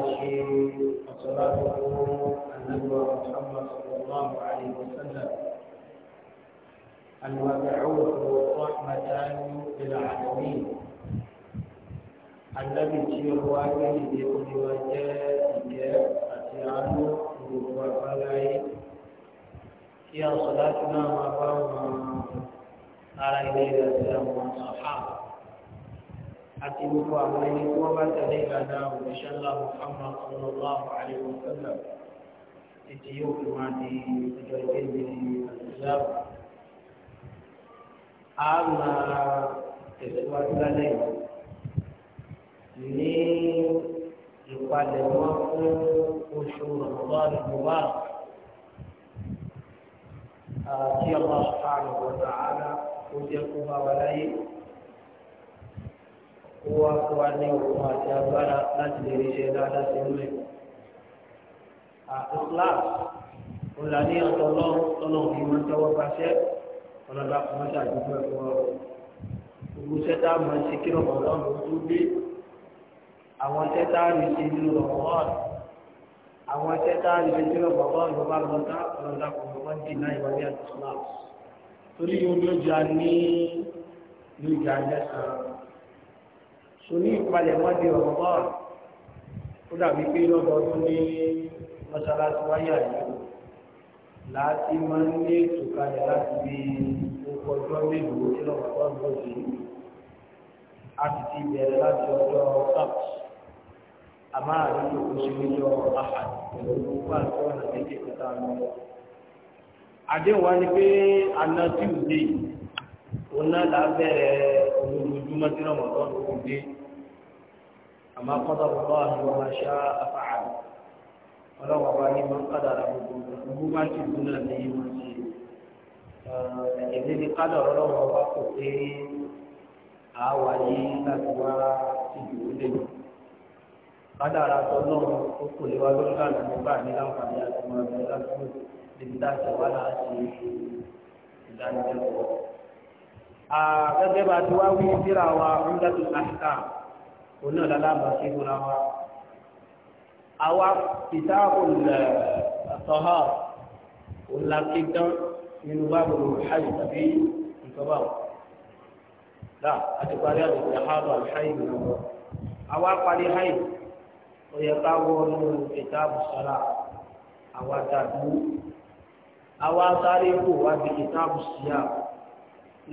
الرحيم على النبوة محمد صلى الله عليه وسلم المبعوث رحمة للعالمين الذي تيرواجه بكل وجهه أتيانه وفلاي في صلاتنا مقام على إليه السلام والصحابة أتي يبقى وما ومن تليبنا ومشان محمد صلى الله عليه وسلم تتيوك ما دي تجربين من الزب أما تسوى تلالي لي يقال الوقت وشور رمضان المبارك آتي آه، الله سبحانه وتعالى وديكم عليه kó wá kó wá ní òkun àti agbára láti lè ríṣẹ́ dáadáa sí inú ẹ̀. Islam olùdarí ọ̀tọ̀ ọlọ́run tọ́lọ́run fi máa ń tẹ́wọ́ paṣẹ́ ọlọ́dà kò máa ṣàdúgbò ẹ̀kọ́ ọ̀rọ̀. Gbogbo sẹ́tà máa ń ṣe kí ọ̀pọ̀ ọlọ́run tó gbé. Àwọn sẹ́tà rí ṣe nínú ọ̀pọ̀ àwọn sẹ́tà rí ṣe nínú ọ̀pọ̀ ọ̀rọ̀ bá lọ tá ọlọ́dà kò máa ń dènà Islam. Torí yóò lójà ní lójà lẹ́sàn so ní ìpalẹ̀mọ́ di ọ̀rọ̀ bọ́ọ̀lù ó dàbí pé lọ́dọọdún ní mọ́ṣáláṣí wáyà yìí láti máa ń ní ètò kalẹ̀ láti bí ọkọ̀ ọjọ́ mélòó tí lọ́wọ́ bọ́ọ̀lù lọ́sí a sì ti bẹ̀rẹ̀ láti ọjọ́ sábà àmọ́ àdúgbò kò ṣe níjọ àhàdì pẹ̀lú gbogbo àti ọ̀nà méjì kẹta lọ. àdéhùn ni pé àná tíwìdì òun náà là á bẹ̀rẹ̀ òun lójúmọ́ tí lọ́wọ́ bọ́ọ̀lù àmọ́ kọ́dọ̀ bọ́ àdúrà máa ṣá àfààní ọlọ́wọ́ bá ní máa ń kádà rà gbogbo gbogbo bá ti dùn náà ní ìmọ̀ sí i èmi ni kádà ọlọ́wọ́ bá kò pé àwa yìí láti wá ìdìbò lè lò kádà rà tọ́ náà ó kò lè wá lórí àná nígbà ní láǹfààní àti máa bẹ lásìkò níbi láti wá láti ìdánilẹ́kọ̀ọ́. gẹ́gẹ́ bá ti wá wí síra wa ń dátò láti òun náà lálábà sí fúnra wa àwa kìtàbù àtọ́hà òun la ké dán nínú báàbò hajj tàbí ìkọ́bà là àti parí àti ìyàhálò àlhàyè nìyẹn àwa parí hajj ó yẹ ká wọ inú kìtàbù sọ́lá àwa dàdú àwa sáré kò wá bí kìtàbù síyà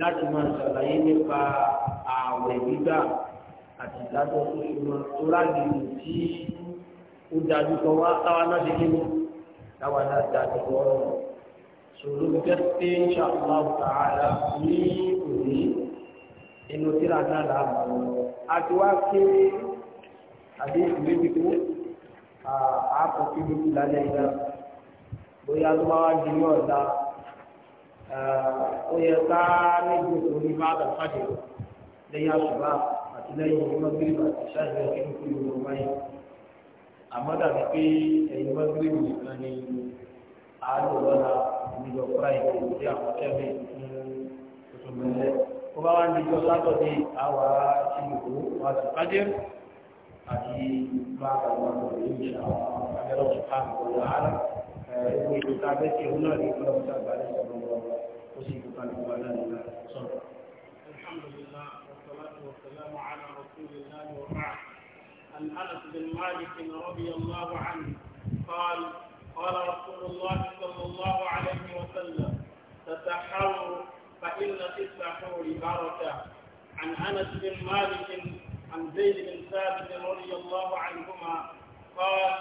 láti máa ṣàlàyé nípa ààwẹ̀ gbígbà àti ìdájọ́ tó ṣe wọn tó rágbèrè tí ó dájú kan wá táwa náà ṣe kéwọ́ táwa náà dájú kan ọ̀rọ̀ ṣòro jẹ́ pé insha Allah ta'ala ní òní inú tíra náà là á mọ̀ àti wá pé àbí ìwé bíbó àápọ̀ kí ló kú bóyá tó bá wá di ní ọ̀la ó yẹ ká méjì òní bá bàbá lẹ́yìn àṣùbà lẹ́yìn mọ́gírìbì àti ṣáàjì ẹ̀kí kú ìwọ báyìí àmọ́ dàbí pé ẹ̀yìn mọ́gírìbì nìkan ni àálò lọ́la ìjọ fúráìdì tí àwọn kẹ́mí fún tuntun mẹ́lẹ́ ó bá wá ń dijọ́ sátọ̀dé àwa ti ìlú wa ti pàdé àti bá àwọn ọmọdé yìí ṣe àwọn akẹ́rọ̀ ṣùgbọ́n àwọn ọ̀la ẹ̀ẹ́dẹ́gbẹ̀ta bẹ́ẹ̀ tí òun náà ní ìpínlẹ̀ ọ̀sán àgbàdo ìṣẹ̀lẹ̀ wọn ó sì الله وبعد عن أنس بن مالك رضي الله عنه قال قال رسول الله صلى الله عليه وسلم تسحروا فإن في السحور بركة عن أنس بن مالك عن زيد بن ثابت رضي الله عنهما قال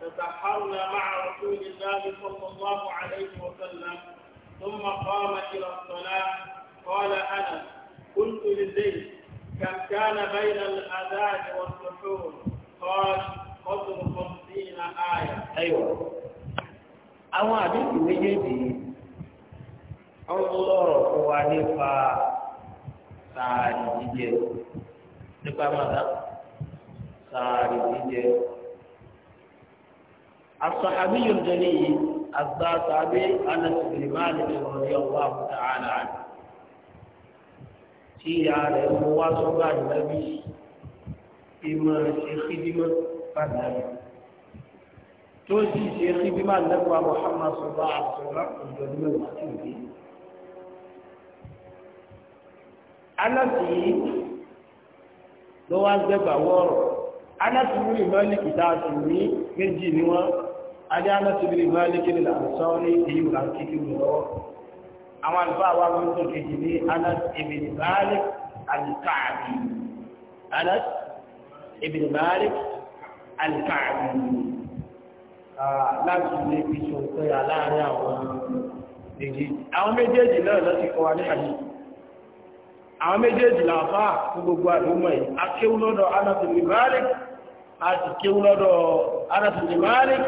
تسحرنا مع رسول الله صلى الله عليه وسلم ثم قام إلى الصلاة قال أنس قلت لزيد كم كان بين الأذان والسحور قال قدر خمسين آية أيوة àwọn àdéhùn méjèèjì ń lọ́rọ̀ fún ساري nípa sàárì ماذا ساري màdá الصحابي الجليل الذات أبي أنس بن مالك رضي الله تعالى عنه tí ìyá rẹ̀ mú wá sọ́gbà ìdábí ìmọ̀ ṣe kídímọ̀ pàdánù tó sì ṣe kídímọ̀ lẹ́gbàá Muhammad sọ̀rọ̀ àtọ̀rọ̀ ìjọba ìwà tí ò dé. Anasi yìí ló wá gbẹ́gbà wọ́ọ̀rọ̀ Anasi ní ìmọ̀lì kìtà sí ní méjì ni wọ́n adé Anasi ní ìmọ̀lì ní èyí wà kíkì lọ́wọ́ àwọn àlùfáà wa wọ́n tó kejì ní Anas ibn Malik al-Ka'bi Anas ibn Malik al-Ka'bi láti lè fi ṣòkè aláàárín àwọn méjèèjì àwọn méjèèjì náà lọ sí kọwa ní àyè àwọn méjèèjì làfá fún gbogbo àdúmọ̀ yìí a lọ́dọ̀ Anas ibn Malik àti kéwú lọ́dọ̀ Anas ibn Malik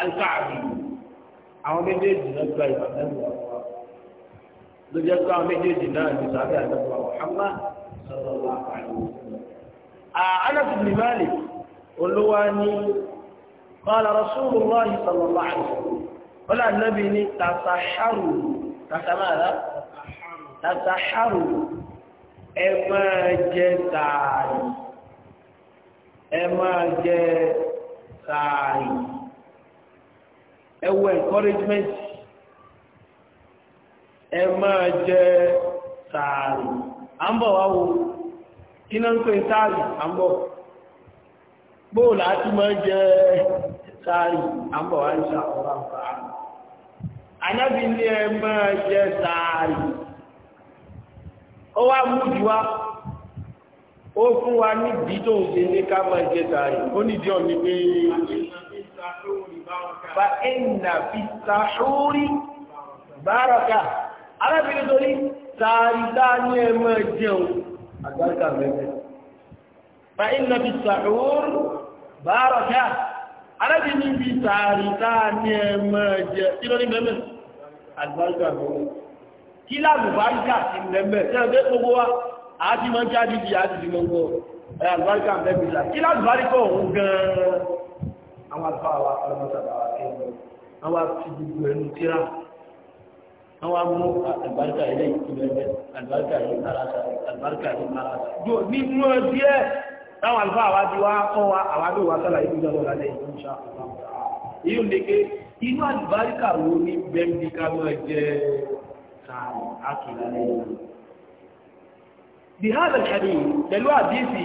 al àwọn méjèèjì lọ́gbà ìbàdàn lọ́wọ́ ló jẹ́ pé àwọn méjèèjì náà ti sáré àdọ́gbà ọ̀hánmá sọ́lọ́lá àìwò Anas ibn Malik olówá ní qala Rasulullah sallallahu alaihi wasallam ọlá nábi ní tàtàṣàrù tàtàmára tàtàṣàrù ẹ encouragement ẹ máa jẹ sàárì à wá wo kí náà ń pè sàárì à ń bọ̀ máa jẹ sàárì à wá ń ní ẹ máa jẹ ó wá mú jù wá ó fún wa nídìí tó ń ṣe ní ká máa jẹ sàárì ó pé fa ẹ̀nà fi sàárì bárọ̀kà. arábìnrin tó ní tààrídá ní ẹmọ jẹun àgbàríkà mẹ́fẹ́ fa iná bí sàúr báárọ̀ ká arábìnrin bí tààrídá ní ẹmọ jẹ kí ló ní mẹ́mẹ́ àgbàríkà mẹ́fẹ́ kí lágbàríkà ti mẹ́mẹ́ tẹ́lẹ̀ gbogbo wa àti mọ́ jáde di àti di mọ́gbọ́ àgbàríkà mẹ́fẹ́ kí lágbàríkà òun gan-an àwọn àgbà wa ọlọ́mọ àwọn amú àlùbáríkà ilé ìtìlẹ́gbẹ́ àlùbáríkà yìí arásà àlùbáríkà yìí arásà jò nínú díẹ̀ táwọn àlùfáà àwa ti wá kọ́ wa àwa ló wá sálà ìlú ìjọba lálẹ́ ìlú ìṣà ìyún leke inú àlùbáríkà wo ní bẹ́ẹ̀ni ká máa jẹ sàárì àkìlá lẹ́yìn. bihar al-hadi pẹ̀lú àdísì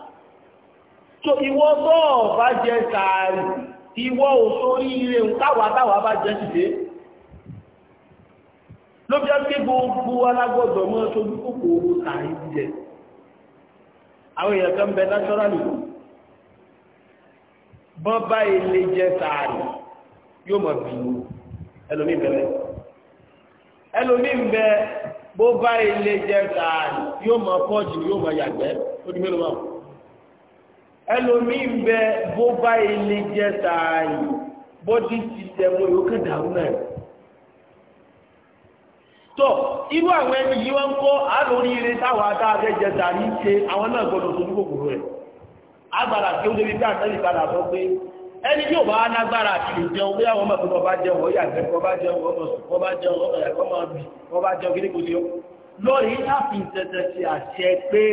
tó ìwọ bọ́ọ̀ bá jẹ sàárì ìwọ òṣòrí ilé ǹkáwà táwà bá jẹ sílé ló jẹ́ pé gbogbo alágbọ́dọ̀ mọ́ ṣojú kòkò owó sàárì jẹ àwọn èèyàn kan bẹ náṣọ́rálì bọ́n bá ilé jẹ sàárì yóò mọ̀ bí ẹlòmí bẹ̀rẹ̀ ẹlòmí bẹ bó bá ilé jẹ sàárì yóò mọ̀ fọ́jì yóò mọ̀ yàgbẹ́ ó ní mélòó ẹlòmíì ń bẹ bó bá ilé jẹ tààyè bọ́dí ti tẹ̀wọ́ ìrókè dàrú náà tọ irú àwọn ẹni yìí wọ́n ń kọ́ àlórí eré táwọn adáfẹ́ jẹ ṣe àwọn náà kòkòrò agbára tí ó débi bí padà sọ pé ẹni tí ò bá lágbára jẹun bí àwọn ọba jẹun kọba jẹun jẹun jẹun kí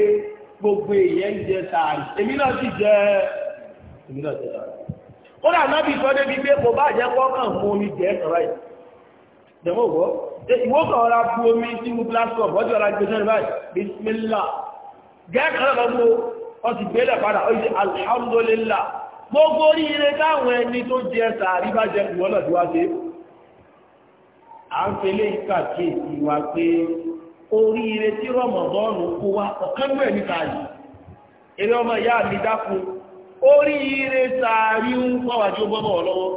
gbogbo èèyàn ń jẹ sàárì èmi náà sì jẹ èmi náà jẹ sàárì kódà nábì sọ débi pé kò bá jẹ kọ́kàn mú omi jẹ sọ̀rọ̀ yìí dẹ̀mọ́ gbọ́ ìwọ kan ọ̀rá bu omi sínú plastic bọ́jú ọ̀rá gbé sẹ́nu báyìí bisimilá gẹ́ẹ̀kan náà lọ́gbọ́ wọ́n ti gbé lẹ́padà ó yẹ alhamdulillah gbogbo oríire táwọn ẹni tó jẹ sàárì bá jẹ ìwọ náà ti wá sí à ń fẹlẹ́ ìkàkíyèsí wa pé oríire tí rọmọdọ́nù kó wá ọ̀kan gbẹ̀ ní tààrí eré ọmọ ìyá mi dákú oríire tààrí ń pọ̀wàjú bọ́bọ̀ lọ́wọ́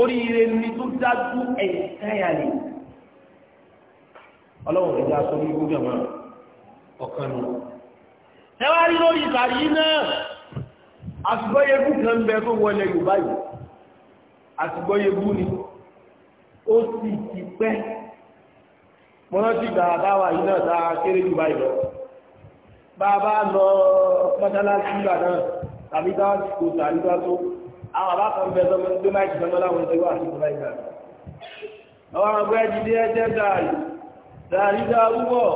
oríire ni tó dájú ẹ̀ẹ́káyàlì ọlọ́run rẹ̀ sọ ní gbogbo ọmọ ẹ wá rí lórí náà kan bẹ tó wọlé yorùbá yìí ni ó sì ti pẹ́ mo rántí ìgbà àbáwà yìí náà dáa kéré jù báyìí lọ bá a bá lọ mọ́sálásí ìgbà náà tàbí dá kò tàbí dá tó àwọn àbá kan bẹ sọmọ tó máa jù sọmọ láwọn ìṣẹ́wà àti ìṣẹ́wà ìgbà àwọn ọmọ ẹgbẹ́ jíde ẹjẹ́ dààyè dààrí dá púpọ̀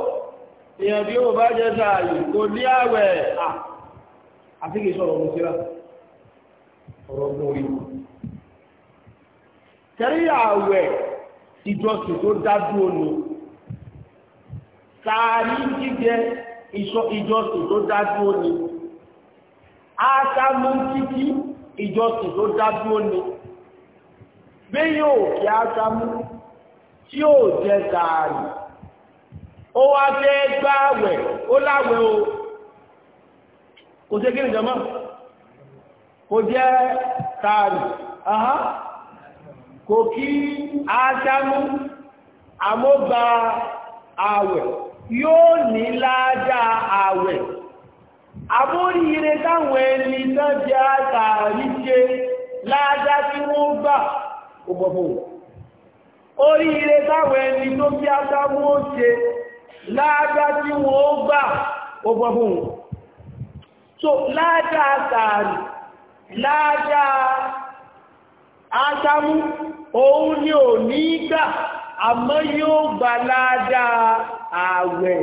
èèyàn bí ó bá jẹ dààyè kò ní àwẹ̀ àti kì í sọ̀rọ̀ ọmọ síra ọ̀rọ̀ ọmọ orí kẹrí àwẹ̀ ìjọsìn tó dájú òní sàárì jíjẹ ìjọsìn tó dájú ó ní ásámú títí ìjọsìn tó dájú ó ní gbé yóò kí ásámú tí ó jẹ sàárì ó wá fẹ́ gbáwẹ̀ ó láwẹ̀ o kò sí kí nìjọmọ́ kò jẹ́ sàárì kò kí ásámú àmógbà àwẹ̀ yóò ní ládàá àwẹ̀ àmóríire táwọn ẹni tán jẹ́ àtàrí ṣe ládàá tí wọ́n gbà ọgbọ̀gbọ̀ oríire táwọn ẹni tó bí ásáwọ́ ṣe ládàá tí wọ́n gbà ọgbọ̀gbọ̀ so ládàá tààrí ládàá ásámú òun ni ò ní gbà àmọ́ yóò gbà ládàá ààwẹ̀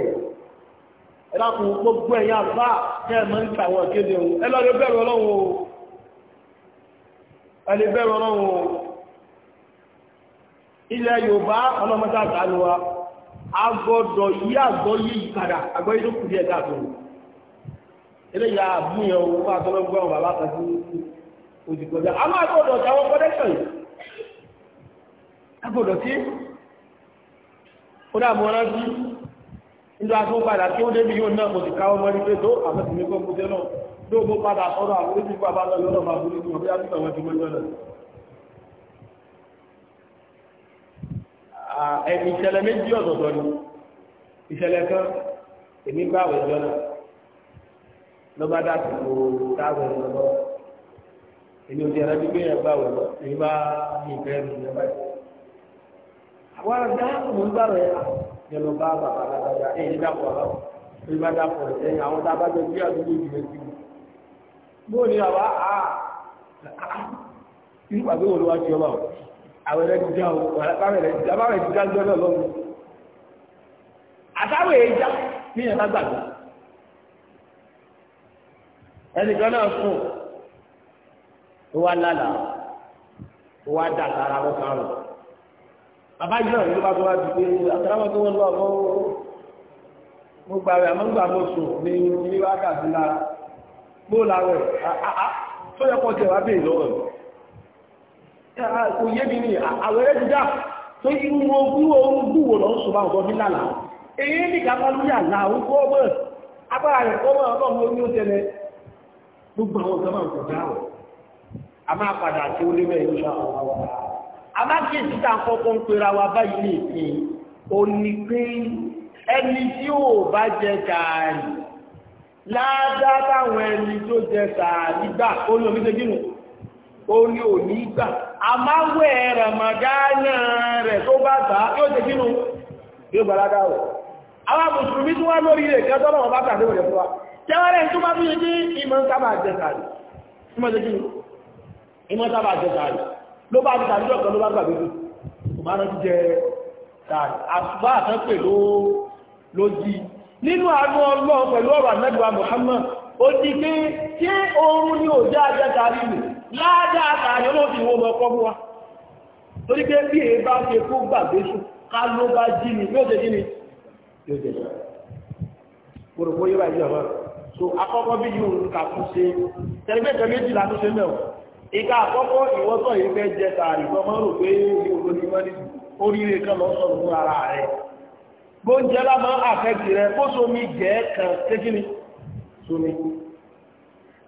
ẹ̀dàkùn gbogbo ẹ̀yà àfà kẹ́ ẹ̀ máa ń kàwọ̀ kéde o ẹ lọ́ọ́ lè bẹ̀rù ọlọ́run o ẹ lè bẹ̀rù ọlọ́run o ilẹ̀ yorùbá ọlọ́mọdé àgbàlù wa agbọ́dọ̀ yí àgbọ́ yí ìpadà àgbọ́ yí tó kù díẹ̀ dáàbò eléyà àbúyàn owó àtọ́lọ́gbọ́n àwọn bàbá kan àmọ́ agbọ́dọ̀ táwọn kọ́dẹ́sọ̀ yìí agbọ́dọ̀ tí kódà mo rántí nígbà tó padà tí ó débi yóò náà mo ti káwọ́ mọ́ ní pé tó àmọ́sí mi kọ́ kúté náà tó mo padà sọ́rọ̀ àwọn oríṣìí bàbá lọ lọ́rọ̀ bàbá oríṣìí wọn bí ápùtà wọn ti mọ́ lọ́rọ̀ ẹ̀mí ìṣẹ̀lẹ̀ méjì ọ̀tọ̀ọ̀tọ̀ ni ìṣẹ̀lẹ̀ kan èmi dá sí kò táwọn ẹ̀rọ lọ èmi ò ti ẹ̀rọ bí pé ẹ̀ bá àwọn ẹ̀rọ èmi bá mi ìfẹ́ mi lọ́ba yìí àwọn àgbà mò ń gbàrọ̀ yẹn yẹlọ bá bàbá dáadáa eyi dàpọ̀ ọ̀rọ̀ bí bá dàpọ̀ ẹ̀yìn àwọn tá a bá jọ bí àdúgbò ìdílé sí i bó ni àwa a ló wá ti ọba o àwọn ti o bàbá yìí náà ló bá tó wá di pé àtàwọn tó wọn lọ mọ mo gbà rẹ àmọ́ gbà mo sùn ní ilé wákàtí la mo là rẹ tó yẹ tẹ̀ wá bèè lọ́wọ́ kò yé mi ni àwọn ẹ̀rẹ́ ti dá tó yí wo wíwo ohun gbúwò lọ ń sùn bá ọ̀gọ́ nílànà èyí ní ká bá lóyà là ń kọ́ mọ́ agbára rẹ̀ kọ́ mọ́ ọlọ́run orí ó tẹ̀lé gbogbo àwọn ọ̀gá máa ń kọjá rẹ̀ a máa padà tí lé mẹ́rin ní ṣáà amákèsí tá à ń kọ́kọ́ ń pera wa báyìí lè fi ó ní pé ẹni tí ò bá jẹ gàárì láàdá táwọn ẹni tó jẹ gàárì gbà ó ní omi tẹ́jú nù ó ní òní gbà àmáwẹ̀ ràmàdánà rẹ̀ tó bá gbà yóò tẹ́jú nù yóò gbà ládá rẹ̀ àwọn mùsùlùmí tó wá lórí rẹ̀ kí ọjọ́ náà bá tàbí rẹ̀ fún wa jẹ́wọ́rẹ́ tó bá fi ṣe kí ìmọ̀ ń sábà jẹ gàárì ìmọ̀ tẹ́jú nù ìmọ̀ sábà jẹ gàárì ló bá dìtà níjọ́ kan ló bá gbàgbé kò máa rántí jẹ tààrí àṣùgbà àtẹ́pẹ̀ ló jí nínú àánú ọlọ́run pẹ̀lú ọ̀rọ̀ àmẹ́dùwà Muhammad ó di pé ṣé oorun ni ò já ajẹ́ tààrí nù ládàá tààrí olóòfin wo mọ̀ wa torí pé bí èé bá ṣe kó gbàgbé sùn ká ló bá jí ṣe jí ni yóò ṣe jí so akọ́kọ́ bí yóò kà tún ṣe tẹ̀lé ìka àkọ́kọ́ ìwọ́sàn yìí fẹ́ jẹ tààrí gbọmọ́ rò pé ní ogun ní mọ́ ní oríire kan lọ sọ̀rọ̀ fún ara rẹ̀ gbóúnjẹ lámọ́ àfẹ́kì rẹ̀ bó somi jẹ́ kan kékeré somi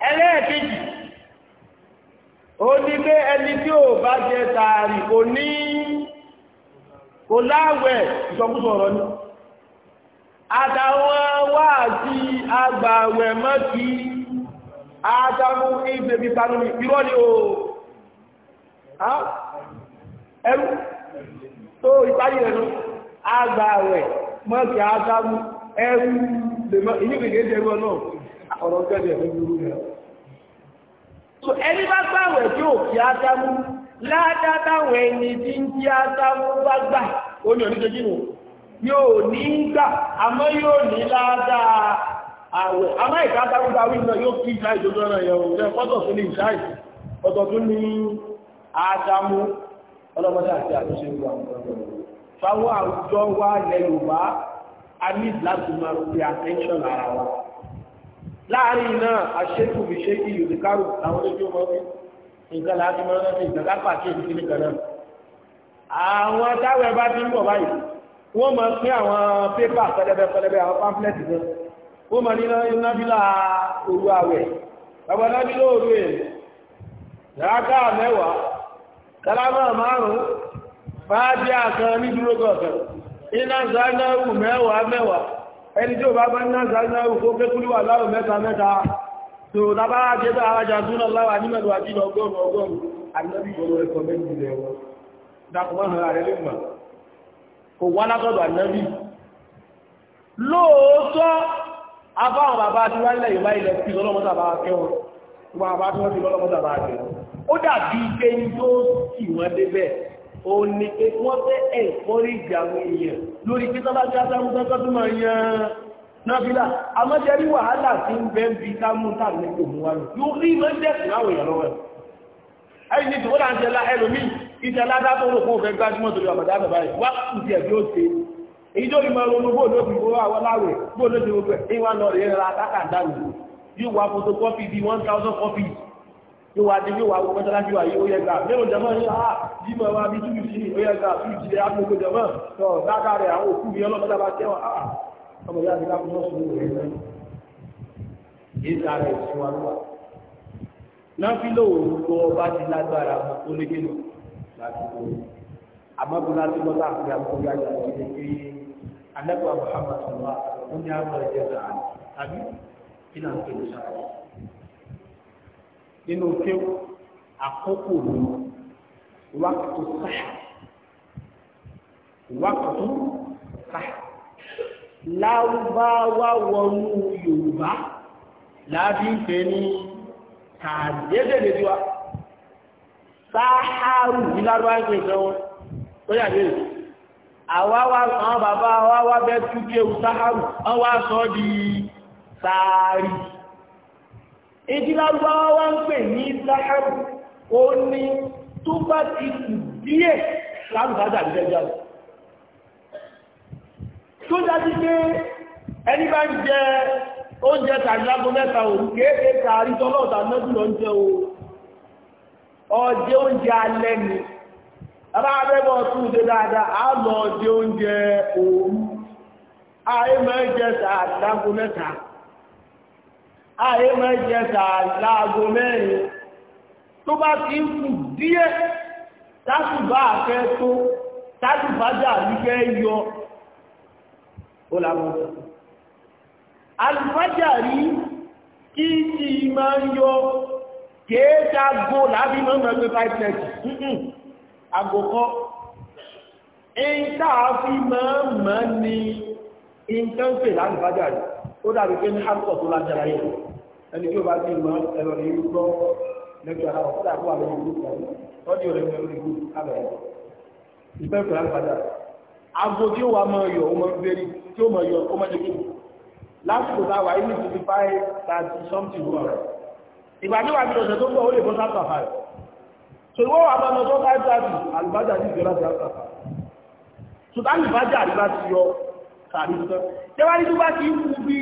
ẹlẹ́ẹ̀kejì ó ní pé ẹni tí ò bá jẹ tààrí kò ní kò láwẹ̀ ìsọkúsọ ni àtàwọn wáàsí agbàwẹ̀ mọ́ ádámù ìbèbí panúmi irọ́ ni o ẹrú tó ìparí rẹ̀ nù àgbà rẹ̀ mọ́kì ádámù ẹrú lèmọ́ ìyíkì kéde ẹrú náà ọ̀rọ̀ gẹ́gẹ́ fún irú rẹ̀ so ẹni bá gbàwẹ̀ tí ò kí ádámù ládátàwọn ẹni tí ń kí ádámù bá gbà ó ní oníṣẹ́jú nù yóò ní gbà àmọ́ yóò ní ládàá àwẹ̀ àmá ìka dáwúdáwí náà yóò kí ìṣá ìjọba náà yẹ̀wò jẹ́ fọ́tọ̀ tó ní ìṣá ìṣá ọ̀tọ̀ tó ní àdámú ọlọ́mọdé àti àtúnṣe ìlú àwọn ọ̀dọ́ fáwọn àwùjọ wa ilẹ̀ Yorùbá a ní láti máa fi attention ara wa láàárín náà àṣekù fi ṣe kí yorùbá kárò àwọn ojú ọmọ nǹkan láti máa rántí nǹkan lápá kí èdè kíní kan náà àwọn táwọn ẹ bá ti ń bọ̀ báyìí wọ́n máa pín àwọn pépà pẹlẹbẹ pẹlẹbẹ àwọn pamphlẹ́tì náà ó ma ní nábílà òru àwẹ̀ bàbá nábílà òru ẹ̀ ráká mẹ́wàá kálámà márùn-ún fàájì àkan ní dúró iná zanáwù mẹ́wàá mẹ́wàá ẹni tí ó bá bá iná zanáwù kó kékúrú wà láwù mẹ́ta mẹ́ta tó lábára lóòótọ́ abáwọn bàbá tí wọ́n lẹ̀ yorùbá ilẹ̀ tí lọ́lọ́mọ́sà bá kẹ́ wọn gbogbo àbá tí wọ́n ti lọ́lọ́mọ́sà bá kẹ́ wọn ó dàbí pé ń tó sì wọ́n débẹ̀ ó ní pé wọ́n fẹ́ ẹ̀kọ́rí ìjàwọn èèyàn lórí pé tọ́lá tí aṣáájú tọ́tọ́ tó máa yan náfílà àmọ́jẹ́ rí wàhálà tí ń bẹ́ ń bi kámú tàbí kò mú wa lò yóò rí mọ́ dẹ̀kùn láwọn èèyàn lọ́wọ́ ẹ̀yìn ní tòwó là ń jẹ́ lá ẹlòmíì ìjẹ́ ládá tó gbájúmọ́ torí èyí tó rí mọ́rún gbogbo olóògùn owó àwọn láwẹ̀ gbogbo olóògùn gbogbo ìwà lọ rẹ̀ ra atákàndáwò yóò wá photocopy bí 1000 copies yóò wá dé yóò wá wọ́n tọ́lá bí wà yí ó yẹ gbà mẹ́rùn jẹmọ́ ní àá bí mọ̀ wá bí túbí sí ó yẹ gbà túbí sí agbègbè jẹmọ́ tọ́ dáadáa rẹ̀ àwọn òkú mi ọlọ́mọdé bá tẹ́wọ̀n àá ah, ọmọ yá mi ká fún ọ̀sùn rẹ̀ rẹ̀ ìta rẹ̀ sí wa lọ́wọ́ náà fi lóòwò gbogbo ọba ti lágbára ológénù láti wọ́n àmọ́ bí láti lọ́ta àti àkóyá ìyàwó ilé kéyìí annabawa muhammad sallallahu alaihi wasallam ya mara jaza an abi ina nufin nishaɗi nínú kéw àkókò mi wákàtú sáà wákàtú sáà láwùbáwá wọnú yorùbá láti ń pè ní tàdédédédé wa sáà hàrù ní lárúbáwá ń pè sẹ́wọ́n ó yà lóye àwáwá àwọn bàbá àwáwá bẹ́ túnkí ewu sáhárù wọ́n wá sọ di sáàrí ìdílágbà wá ń pè ní sáhárù ó ní tó bá ti kù díẹ̀ láàrùsájà ìjẹjọ́ tó dájú pé ẹni bá ń jẹ oúnjẹ tàìlágbó mẹ́ta òun kéèkéé tààrí tọ́lọ́ta mẹ́jùlọ ń jẹ o ọjẹ́ tàbá abẹ́bọ̀ tún ṣe dáadáa á lọ jẹ oúnjẹ òru ààyè máa jẹ sàlágó mẹ́ta ààyè máa jẹ sàlágó mẹ́rin tó bá ti ń kù díẹ̀ tásùbá àfẹ́ tó tásùbá jà wípé yọ ó làwọn ọ̀sán rí kí ti máa yọ kéèta go lábí mọ́mọ́ pé àgòkọ́ ẹ̀yìnká fi máa mọ́ ní nǹkan pè lálùfájà rẹ̀ ó dàbí pé ní hàlùkọ̀ tó lájára yìí ẹni tí ó bá ti mọ́ ẹ̀rọ ní gbọ́ lẹ́jọ́ ara wọn kódà o wà lórí ìlú kan lọ́dí ọ̀rẹ́ mi lórí ìlú abẹ́rẹ́ ìfẹ́ pè lálùfájà rẹ̀ àgò tí ó wà mọ́ yọ ó mọ́ bẹ́rí tí ó mọ́ yọ ó mọ́ jẹ́ kí lásìkò táwà ilé ti fi five thirty something wọ̀ ìgbà tí wà á ti lọ́sẹ̀ tó ń bọ̀ ó lè bọ́ sáà so ìwọ́ wà máa lọ́jọ́ five thirty àlùbájá ní ìjọ láti àpapà so tá àlùbájá àríwá ti yọ kàrí sọ tẹ́wárí tó bá ti ń kú bí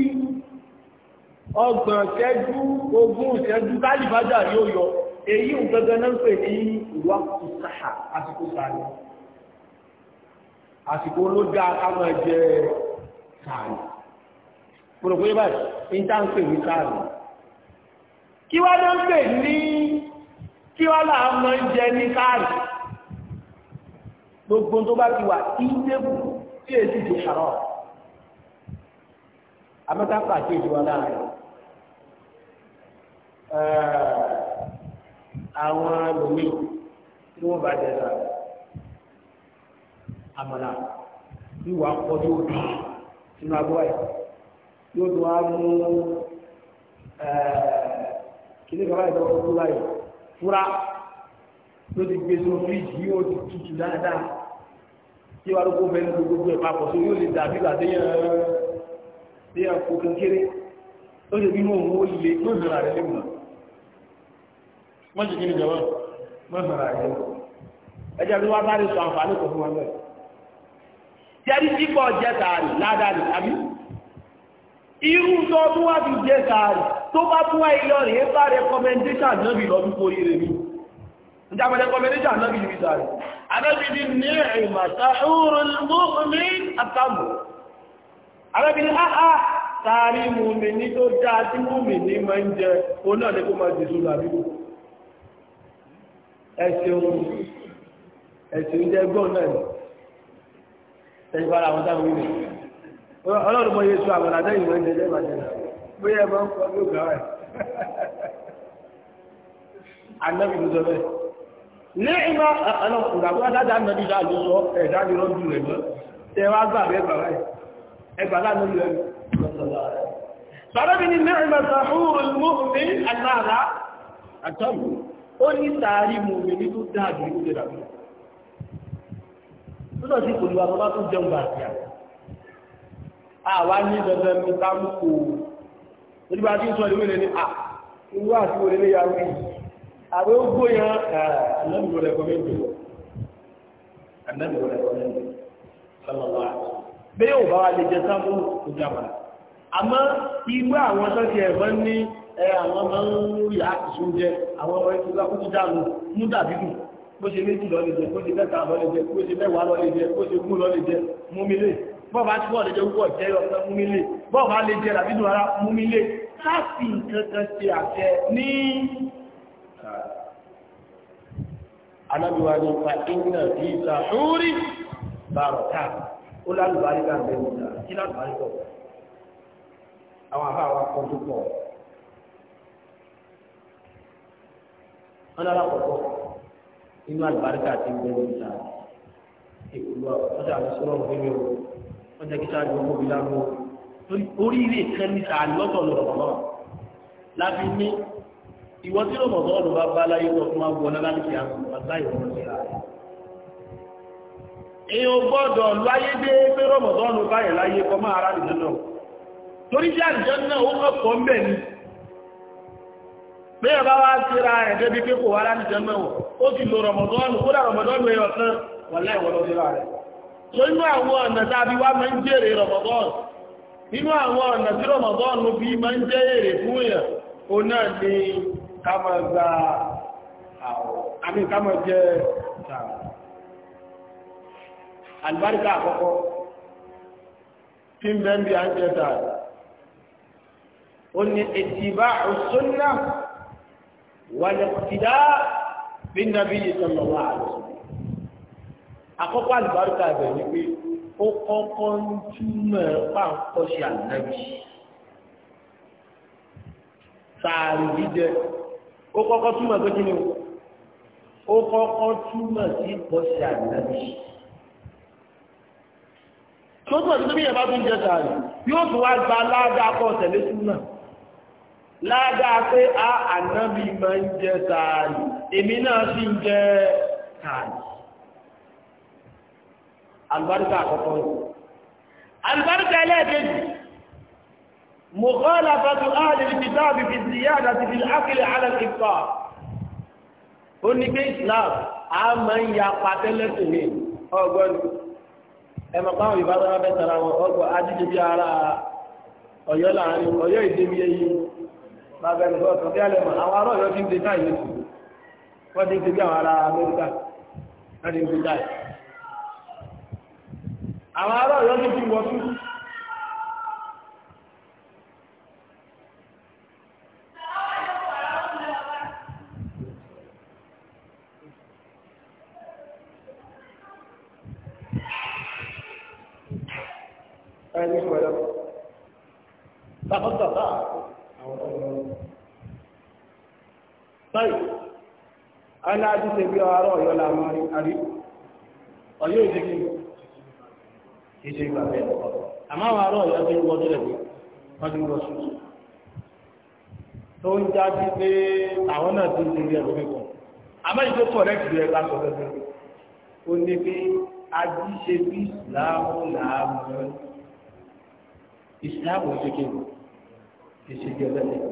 ọgbọ̀n ṣẹ́jú ogún ṣẹ́jú tálìbájá yóò yọ èyí ò gẹ́gẹ́ náà ń pè ní ìwà kùsàhà àsìkò sàárì àsìkò ló dá kámọ̀ jẹ sàárì pòròpó yẹ báyìí ní tá ń pè ní sàárì kí wá náà ní kí wọ́n là á mọ jẹ ní káàrì gbogbo tó bá ti wà ìdébù tí èsì ti sàrọ̀ amẹ́tàkà àti ìdíwọ́ láàrin àwọn lòmí tí wọ́n bá jẹ náà àmàlà ìwà pọ̀jù òdì sínú agbóhà yìí yóò tó wá mú kíní kan báyìí tó báyìí fúra ló ti gbé sínú fíríjì yóò ti tutù dáadáa tí wàá lóko fẹ́ lóko gbogbo ẹ̀ papọ̀ sí yóò lè dàbí ìgbà téèyàn téèyàn kó kékeré ó lè bínú òun ó lè tó ìlera rẹ̀ lẹ́mùnà wọ́n ti kiri jọ̀wọ́ wọ́n sọ̀rọ̀ àjẹ́ ẹjẹ́ bí wọ́n bá lè sọ àǹfààní kò fún wọn bẹ́ẹ̀. jẹ́rí kíkọ́ jẹ́ sàárì ládàá nì àbí irú tó tún wá fi jẹ́ sàárì tó bá tún wá ilé ọ̀rìn yẹn bá recommendation náà bí lọ́dún kó yé rèmi níta bá recommendation náà bí lùmíta rẹ̀ anábìdí ní ìmà sàúrùn mọ́mí àtàmù anábìdí áhà sàárì mùmí ní tó dáa tí mùmí ní máa ń jẹ oná lẹ́kọ́ máa jẹ sólà bíbù ẹ̀sìn ẹ̀sìn jẹ́ gbọ́n náà tẹ̀síwára àwọn táwọn wíwẹ̀ ọlọ́run mọ yéṣu àwọn àdáyìnwó ẹ̀jẹ̀ jẹ́ ìbàjẹ́ náà bóyá ẹ̀bá ń kọ́ ló gbà rẹ̀ anábì ló sọ bẹ́ẹ̀ ní ìmọ̀ ọ̀nà ìgbàgbọ́dájá nàbí ìdá ló sọ ẹ̀dá ló rọ́jú rẹ̀ mọ́ tẹ wá gbà bẹ́ẹ̀ gbà rẹ̀ ẹgbà láàánú rẹ̀ sọ́dọ́bí ni ní ìmọ̀ sàhúrù mọ́mí aláàlá àtọ́mù ó ní sàárì mọ́mí ní àwọn ní dandan mi mú kò lójú bá ti ń sọ ìlú ilẹ̀ ní à irú àti wọlé ní yàrá yìí àwọn ogbó yẹn ànábìwò rẹ̀ kọ́mí ìgbè ànábìwò rẹ̀ kọ́mí ìgbè sọlọ́lá bẹ́ẹ̀ ò bá wa lè jẹ sáàmù ojú àbàlà àmọ́ irú àwọn sọ́kì ẹ̀fọ́ ní àwọn ọmọ ń rí àkìsù jẹ àwọn ọmọ ìtura kó ti dànù mú dàbí kù bó ṣe méjì lọ lè jẹ bó ṣe mẹ́ta lọ lè jẹ bó ṣe mẹ́wàá lọ lè jẹ bó ṣe gún lọ lè jẹ mú mi lè bọ́ọ̀bá tí wọ́n lè jẹ́ púpọ̀ jẹ́ ọ̀pẹ́ múmílé bọ́ọ̀bá lè jẹ́ ràbínú ara múmílé láti nǹkankan ṣe àṣẹ ní alábíwá ní pa iná bí ìta lórí bàrọ̀tà ó lálùbárí ká bẹ̀rẹ̀ ìta kí lálùbárí pọ̀ àwọn àbá wa kọ́ tó pọ̀ wọ́n lára pọ̀pọ̀ inú àlùbárí ká ti bẹ̀rẹ̀ ìta ìpolówó ọjà àti sọ́rọ̀ òfin mi ò wọ́n jẹ́ kí sáájú ọkọ̀ mi lárúgbó oríire kan ní sáà lọ́tọ̀ lọ́rọ̀ náà láti ní ìwọ tí lọ́mọ̀ tó ọ̀dọ̀ bá bá láyé lọ fún agbọ̀n náà láti àwọn ọ̀sá ìwọ̀n sí ra rẹ̀. èèyàn gbọ́dọ̀ láyé dé pé lọ́mọ̀ tó ọ̀dọ̀ báyẹ̀ láyé kọ́ máa ara nìjọ náà torí sí àjọ náà ó kọ́ pọ̀ ọba wá sí ra ẹ̀ pé kò wá láti jẹ́ mẹ́wọ̀n ó ti lo rọ̀mọ̀dọ́nù kódà rọ̀mọ̀dọ́nù ẹ̀yọ̀ kan wà láìwọ̀n rẹ̀ tó inú àwọn ọ̀nà tàbí wá máa ń jèrè Ramadan inú àwọn ọ̀nà tí Ramadan ló máa ń jẹ́ èrè fún èèyàn o náà ni ká àmì ká àlùbáríkà àkọ́kọ́ tí ń bí a ń jẹ́ sàrà ó ní àkọ́kọ́ àlùbáríkà bẹ̀ ni pé ó kọ́kọ́ ń túmọ̀ páńkọ́ ṣe ànábì sàárì jíjẹ ó kọ́kọ́ túmọ̀ pé ni o ó kọ́kọ́ túmọ̀ sí kọ́ṣe ànábì lọ́tọ̀ tí tóbi yẹn bá tún jẹ sàárì yóò gba ládàá kọ́ tẹ̀lé súnà ládàá pé a ah, ànábì máa ń jẹ sàárì èmi náà sì ń jẹ sàárì àlùbáríkà àkọ́kọ́ rẹ̀ àlùbáríkà ẹlẹ́ẹ̀kejì mukhalafatu ahli al-kitab fi ziyadati fil akli ala al-iftar ó ní pé islam a máa ń ya pàtẹ́lẹ́sì ní ọgbọ́n ẹ̀mọ̀ pàwọn ìbára bẹ́ẹ̀ tara wọn ọgbọ́n ajíjẹ bí ara ọ̀yọ́ láàrin ọ̀yọ́ ìdébíyẹ yìí bàbá ẹni tó ọ̀tọ̀ kí á mọ̀ àwọn ará ọ̀yọ́ ti ń de káyé wọ́n ti ń de bí àwọn ará amẹ́ríkà wọ́n ti ń de káyé àwọn ará ọ̀yọ́ ní kí wọ́n tún ẹni pẹ̀lú tàbátàbá àwọn ọmọ báyìí aláàdúgbò bí ọ̀rọ̀ ọ̀yọ́ làwọn àrí ọ̀yọ́ ìdíkì ṣe ìgbà bẹ́ẹ̀ lọ. àmọ́ àwọn ará ọ̀yọ́ ti ń wọ́n délẹ̀ bí wọ́n ti ń wọ́n sùn. tó ń já sí pé àwọn náà ti ń ṣe ìyẹn lómi kan. àmọ́ ìṣe kọ̀rẹ́kì rẹ̀ ká sọ fẹ́fẹ́. ó ní pé ajíṣe bí ìsìláàmù làámù ìsìláàmù ṣe kéwòn ìṣèjì ọ̀dẹ́lẹ̀.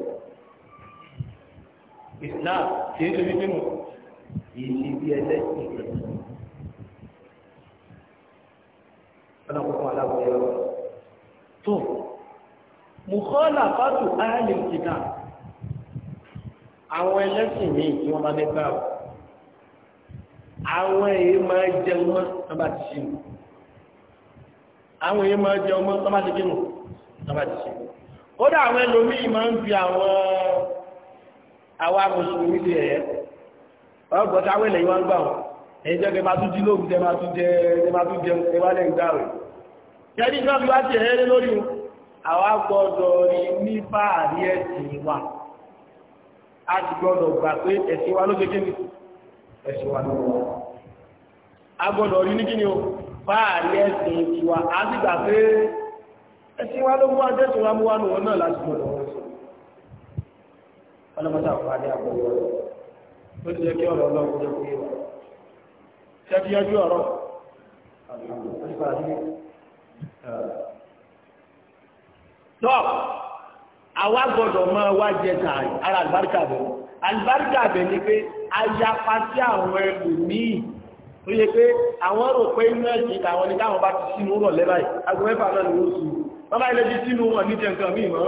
ìsìláàmù kì í ṣe bí ọ̀nà púpọ̀ aláwọ̀yẹ ọ̀rọ̀ tó mùkọ́lá fátù áhàlì kìtà àwọn ẹlẹ́sìn míì tí wọ́n bá dé bá ọ̀ àwọn èyí máa jẹun mọ́ tọ́ba ti ṣe nù àwọn èyí máa jẹun mọ́ tọ́ba ti kínú tọ́ba ti ṣe kódà àwọn ẹlòmíì máa ń fi àwọn àwa mùsùlùmí ti ẹ̀yẹ ọgbọ̀ta àwọn ẹlẹ́yìn wọn gbà wọn ẹjọ́ kẹ máa tún jí lóòrùn tẹ máa tún jẹ ẹ máa tún jẹun ẹ wá lẹ́yìn dáre kẹ́ni tí wọ́n fi wá ti ẹ̀rẹ́ lórí àwa gbọ́dọ̀ rí ní fáàrí ẹ̀sìn wa a ti gbọ́dọ̀ gbà pé ẹ̀sìn wa ló ṣe kí ni ẹ̀sìn wa ló wọ́n a gbọ́dọ̀ rí ní kí ni o fáàrí ẹ̀sìn tiwa a ti gbà pé ẹ̀sìn wa ló mú wa tẹ̀sìn wa mú wa nù náà láti gbọ́dọ̀ wọ́n sọ ṣẹ́bí ọjọ́ ọ̀rọ̀ tọ́ àwa gbọ́dọ̀ máa wá jẹ tààrí ara àlùbáríkà bẹ̀ àlùbáríkà bẹ̀ ni pé ayapa sí àwọn ẹlòmíì tó yẹ pé àwọn rò pé inú ẹ̀sìn tàwọn ní káwọn bá ti sínú rọ̀ lẹ́bàá agbó mẹ́fà náà ni ó sùn wọ́n bá ilé bí sínú wọn ní jẹ nǹkan míì mọ́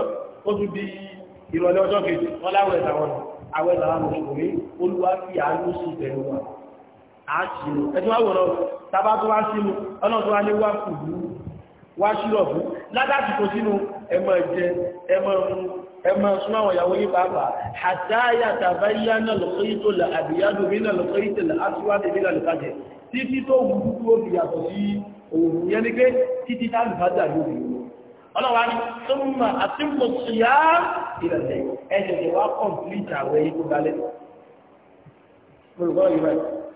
ó tún di ìrọ̀lẹ́ ọjọ́ kejì wọ́n láwọn ẹ̀sà wọn àwọn ẹ̀sà wọn mùsùlùmí olúwa fi àánú sí ìtẹ̀lú wọn àṣìlò ẹ̀tún àwòrán tàbá tó wá sínú ọ̀nà tó wá ní wá fùdú wá ṣírọ̀bù ládájú kò sínú ẹmọ ẹ̀jẹ ẹmọ ọ̀run ẹmọ súnmọ́ ìyàwó yí pàápàá àtàyà tàbá yá náà lọ́kọ́ ọlọ́wà ní súnmọ́ àti mọ̀síyá ìrẹ̀lẹ̀ ẹ̀jẹ̀ wá kọ̀ǹpìlìtì àwẹ̀ yí tó balẹ̀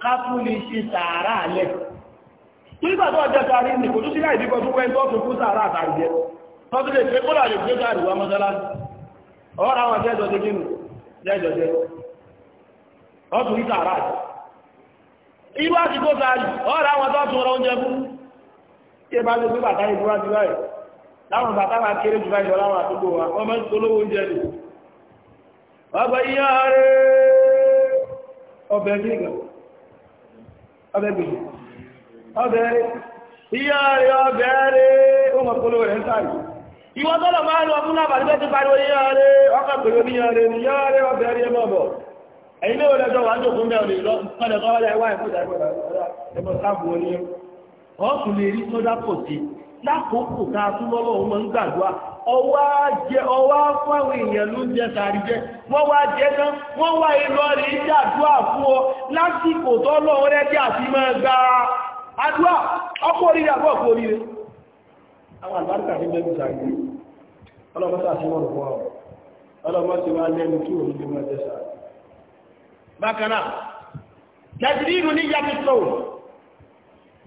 kápú lè ṣe sàárà alẹ́ nígbà tó ọjọ́ sàárì ní kò tó sí láì dípọ̀ tó wẹ́n tó kú sàárà àtàrí jẹ́ tọ́tí lè pé kólà lè gbé sàárì wá mọ́sálásí ọ̀rọ̀ àwọn jẹ́jọ ti kínú jẹ́jọ jẹ́ ọ̀tún ní sàárà àti irú àsìkò sàárì ọ̀rọ̀ àwọn tó tún ọrọ̀ oúnjẹ fún kí ẹ bá lè pé bàtà ìlú wájú báyìí ọbẹ̀ gbèjì ọbẹ̀ rẹ̀ ìyá rẹ̀ ọbẹ̀ rẹ̀ ó mọ̀ polówó rẹ̀ ń sáré ìwọ tọ́lọ̀ máa lọ fún àbàdí bẹ́ẹ̀ ti pariwo ìyá rẹ̀ lákòókò ká tún ọmọ máa ń gbàdúrà ọwá jẹ ọwá fún àwọn èèyàn ló jẹ sàrí jẹ wọ́n wá jẹ wọ́n wá ìlọ rí jàdúà fún ọ lásìkò tọ́lọ́run rẹ̀ jẹ́ àti máa gba ọkọ̀ àbọ̀ ní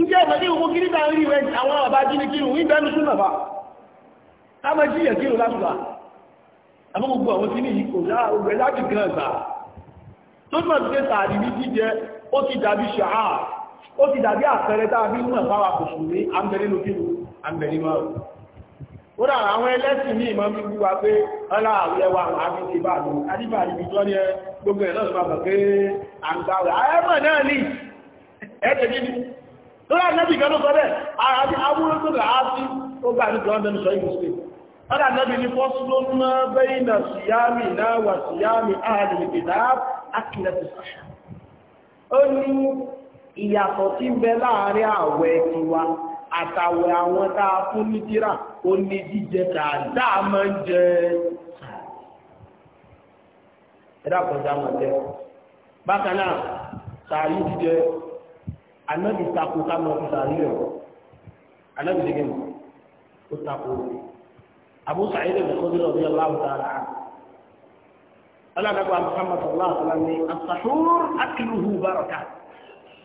Ìjẹ́ ọ̀sẹ̀ ní owó náà rí rẹ̀ àwọn ọ̀bá jí ní kírù ní ìbẹ́nu súnà bá. A máa jíyẹ̀ kírù lásùlá. Àmọ́ gbogbo àwọn tí ní ìkò láàrùn láti gan gbà. Tó túnmọ̀ sí pé sàárì ní jíjẹ, ó ti dàbí ṣàá, ó ti dàbí àpẹẹrẹ tàbí mú ẹ̀fáwà kò sùn ní àmbẹ̀rẹ̀ lókèrò, àmbẹ̀rẹ̀ márùn. Ó dà àwọn ẹlẹ́sìn ní ìmọ̀ bí wíwá pé lórí ànábì kan ló sọ bẹ́ẹ̀ àti awúrúgbò là á sí ó gbà ní jọ́ọ́ mẹ́nu sọ yìí sí ọ̀dà ànábì ní fọ́sùlù ná bẹ́yìn náà síyámi náà wà síyámi ààrẹ ìgbèdá akílẹ̀tì sàṣà ó ìyàtọ̀ tí ń bẹ láàárín àwẹ̀ tiwa àtàwẹ̀ àwọn tá fún ní tíra ó ní jíjẹ dáadáa máa jẹ ẹ̀dá kọjá máa jẹ bákan jíjẹ anabi tako ká lọ fìdá rí ọ anabi dèké mu ó tako Abu Sa'id al-Khudri radiyallahu ta'ala anhu alágbàgbà Muhammad sallallahu alaihi wa sallam ní asahur akiluhu baraka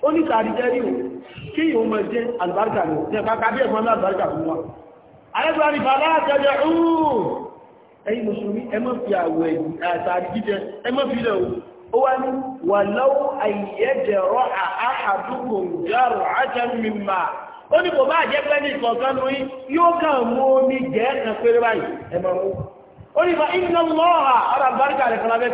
ó ní kàrí jẹ́rí o kí yíò mọ̀ jẹ́ albarka ni ní ẹ̀ka kábí ẹ̀gbọ́n ní albarka fún wa alẹ́gbà ní bàbá àtẹ́jẹ́ ooo ẹ̀yin mùsùlùmí ẹ má fi àwẹ̀ àtàrí jíjẹ ẹ má fi lẹ̀ o ó wá ní wàláwó àyẹ́jẹ̀rọ̀ àhàdùkùn járò ájẹ́mìmà ó ní kò bá jẹ́ pé ní ìkọ̀ọ̀kan ní yóò kàn mú omi jẹ́ ẹ̀kan péré báyìí ẹ̀mọ̀ mú ó ní fa iná lọ́ha ọ̀rọ̀ àbáríkà rẹ̀ kanáà bẹ́ẹ̀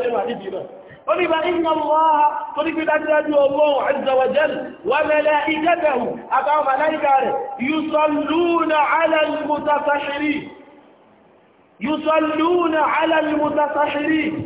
ó ní fa iná lọ́ha tó ní pé dájúdájú ọlọ́run àìsàwọ̀jẹ́lì wà mẹ́lẹ́ ìjẹ́bẹ̀hù àtàwọn màláìkà rẹ̀ yusalluna ala al-mutasahirin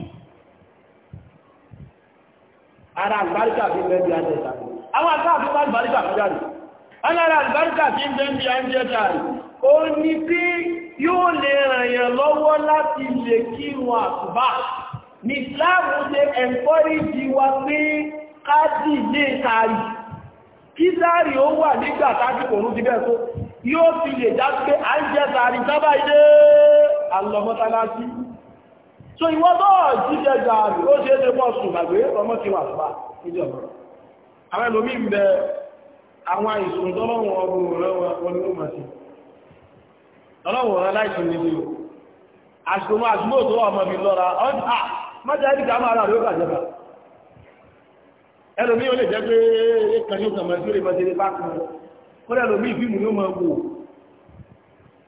ara àlùbáríkà fi bẹ́ẹ̀ bí ajẹ́ ìta àwọn àká àfi bá àlùbáríkà fi jáde alára àlùbáríkà fi ń bẹ́ẹ̀ bí ajẹ́ ìta rẹ̀ ó ní tí yóò lè ràn yàn lọ́wọ́ láti lè kírun àsùbá ní ìsìláàmù ṣe ẹ̀ńkọ́rìjì wa pé ká dìde sáré kí sáré ó wà nígbà tájú òun so ìwọ́ bọ́ọ̀ jíjẹ gààrí ó ṣe é ṣe pọ̀ sùn gbàgbé ọmọ ti wà fà níjọ ọ̀rọ̀ àwọn ẹlòmí ń bẹ àwọn àìsùn tọ́lọ́wọ̀n ọgbọ̀n wọn ni ó mọ̀ sí tọ́lọ́wọ̀n ọ̀rọ̀ láìsùn níbi o àṣùkò máa ṣùgbọ́ tó ọmọ mi lọ́ra ọ́nà mọ́já ìdíkà máa rà lórí àjẹ́bà ẹlòmí ó lè jẹ́ pé ẹkàn ní ọkàn mọ́ sí orí mọ́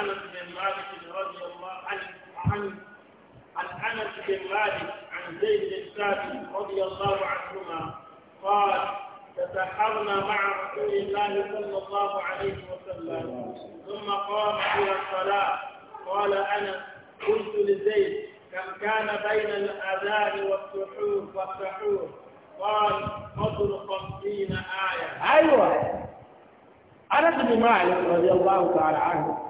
أنس بن مالك رضي الله عنه عن عن أنس بن مالك عن زيد بن ثابت رضي الله عنهما قال تسحرنا مع رسول الله صلى الله عليه وسلم ثم قام إلى الصلاة قال أنس قلت لزيد كم كان بين الأذان والسحور والسحور قال قدر خمسين آية أيوة أنس بن مالك رضي الله تعالى عنه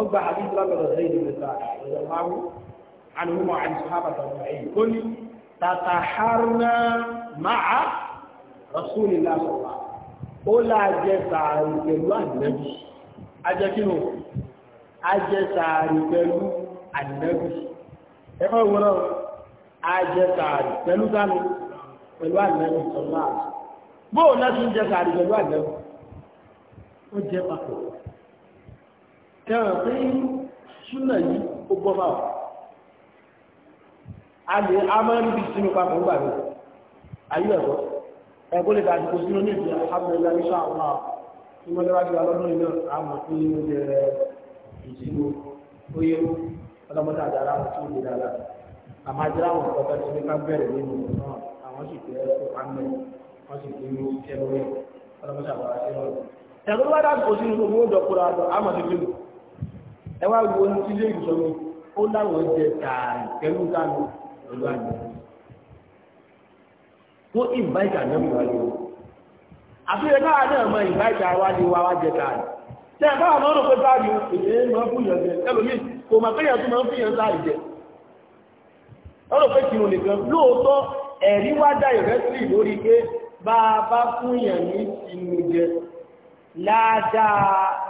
ọgbà àdìsí lọ́dọ̀ sí ìdìbò sáà ọ̀dọ̀ márùn àníwọ̀n ọ ẹgbẹ́ ìwọ̀n ajẹ́ pẹ̀lú sánú pẹ̀lú ànẹ́bì sọ̀rọ̀ bóò lẹ́sùn pẹ̀lú ó jẹ́ tẹ́wọ̀n pé súnà yìí ó gbọ́ fáwọn a lè a máa ń bí sínú papọ̀ nígbà mi ayé ẹ̀kọ́ ẹ̀kọ́ lè ta àdìkò sínú ní ìdí alhamdulillah insha Allah tí wọ́n lọ́wọ́ bí ọlọ́dún iná àmọ̀ tó yẹ oúnjẹ ìṣirò ó yẹ ọlọ́mọdé àdára àwọn tó yẹ dáadáa àmọ́ àjẹrà àwọn ọ̀pọ̀ tó ní ká bẹ̀rẹ̀ nínú náà àwọn sì fẹ́ kó pàmẹ́ wọ́n sì fi ẹnu ẹlọ́wẹ́ ọlọ́mọdé àbára sí ọ̀rọ̀ ẹ wá wo ní ilé ìsọ̀rọ̀ ó láwọn jẹ tààrí pẹ̀lú dànù pẹ̀lú àná wọ́n ìbáìtà náà wà lọ àfihàn náà náà mọ ìbáìtà wa ni wa wá jẹ tààrí tẹ ẹ báwọn ọmọ pé tààrí èyí máa fún yàn jẹ ẹlòmíì kò mà péyàn tó máa ń fìyàn tààrí jẹ ọ̀rọ̀ pé kìnnìún nìkan lóòótọ́ ẹ̀rí wá dá ìrẹsìlì lórí pé bá a bá fún yàn ní ìnú jẹ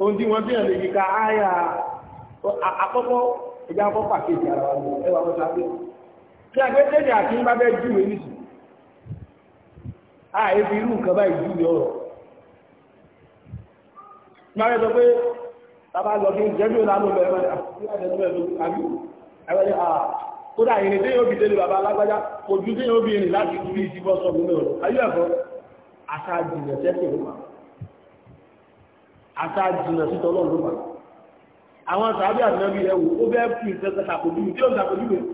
ohun tí wọ́n bí ẹ̀lẹ́ yìí ká áyà àkọ́kọ́ ẹgbẹ́ akọ́kọ́ àkéjì ara wọn ẹwà wọn sáfẹ́ kí agbẹ́tẹ́jì àti nígbà bẹ́ẹ̀ jù wẹ́n nìsí àà ebi irú nǹkan báyìí jù ní ọ̀rọ̀ máa rẹ̀ sọ pé bàbá lọ kí n jẹ́bí ò lánàá bẹ̀rẹ̀ mẹ́rin àti àtẹ̀síwẹ̀ lórí àbí ẹgbẹ́ àà ah, kódà ìrìn tí yóò fi délé bàbá alágbájá kò ju tí yóò fi rìn láti kúrí ìdíbọ́sọ̀ nínú ọ̀rọ̀ àtàjìnà sí tọ́lọ́ ló máa àwọn sàábí àtìlẹ́bí ẹwù ó bẹ́ fi ìfẹ́sẹ̀ sàkójú tí ó ń sàkójú rẹ̀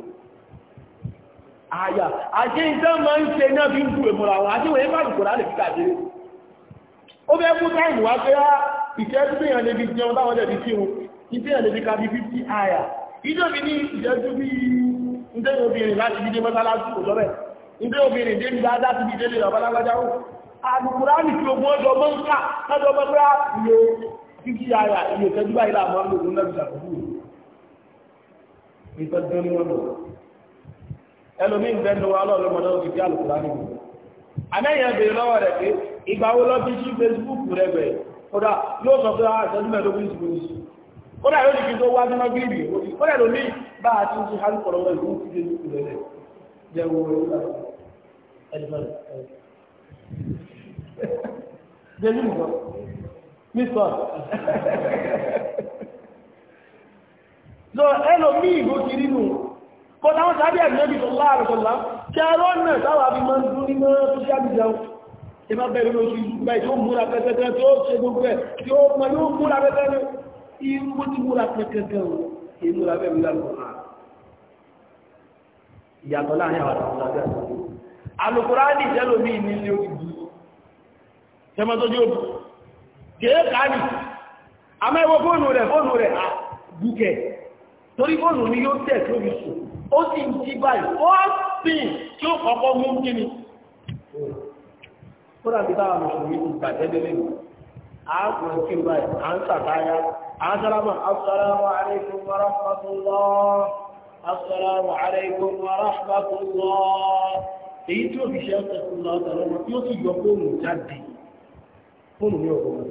àyà àti ìtẹ́ máa ń ṣe náà fi ń kú èmọ̀ra àwọn àti wọ́n yẹ́ bá lùkọ̀ọ́ láti kíkà dé ó bẹ́ fún táìmù wá pé ah, ìṣẹ́jú tí èèyàn lè fi jẹun táwọn jẹ̀bi sí wọn kí tí èèyàn lè fi ka bí 50 àyà ìjọ mi ní ìṣẹ́jú bí ń tẹ́ obìnrin láti bí dé mọ́sálásí kò sọ bẹ́ẹ̀ ń tẹ́ obìnrin dé mi dáadáa ti bí délé ọ̀bálágbájá àdùkùránì tí ogun ọjọ́ mọ́ ń ká lọ́jọ́ mọ́ bá iye fífí ara iye ìtẹ́jú báyìí láàmú ọmọ òun náà gbà fún un ìtọ́jú ní wọn lọ ẹlòmíín bẹ́ẹ̀ ló wà lọ́ọ̀lọ́ mọ́tò fífí àdùkùránì mọ́ àmẹ́yìn ẹ̀bẹ̀ lọ́wọ́ rẹ̀ pé ìgbà wo lọ fi sí Facebook rẹ̀ bẹ̀ kódà yóò sọ pé àtẹ́jú ah, mẹ́ẹ̀ẹ́dógún ti gbòòrò sí kódà yóò di kí n tó wá sínú gírì kódà ló ní bá a ti ń ṣe hálùkọ̀rọ̀ wọn ìlú ti Facebook rẹ̀ jẹ́ wo ẹ̀dùnmọ́ David nìkan Nixon. Lọ ẹlòmíì ìbò ti rí nù. Kọ́ táwọn sábẹ́ àdínẹ́bì tó láàrùn tọ́lá, kí a rọ́ náà táwà bí máa ń dún ní mọ́ tó ṣáàbì jẹun. Ìbá bẹ̀rẹ̀ lóṣù ìgbà tí ó múra pẹ́tẹ́tẹ́ tí ó ṣe gbogbo ẹ̀ tí ó mọ̀ yóò múra pẹ́tẹ́tẹ́. Irú ti múra pẹ́tẹ́tẹ́ o, ìmúra bẹ́ẹ̀ múra lọ́nà. Ìyàtọ̀ láàrin àwọn àtàwọn alukurani jẹ́lómi nílé òbí tẹ́mọ́tọ́jú òbí kèé kàánì amẹ́wọ́ fóònù rẹ̀ fóònù rẹ̀ àbúkẹ̀ torí fóònù ni yóò tẹ̀ tó fi sùn ó sì ń jí báyìí ó sì tí ó kọ́kọ́ mú kíni kódà bí táwọn n èyí tí òṣìṣẹ́ ọ̀tẹ̀kùn lọ́tọ̀ lọ́wọ́ tí ó sì yọ fóònù jáde fóònù ní ọ̀pọ̀ wọn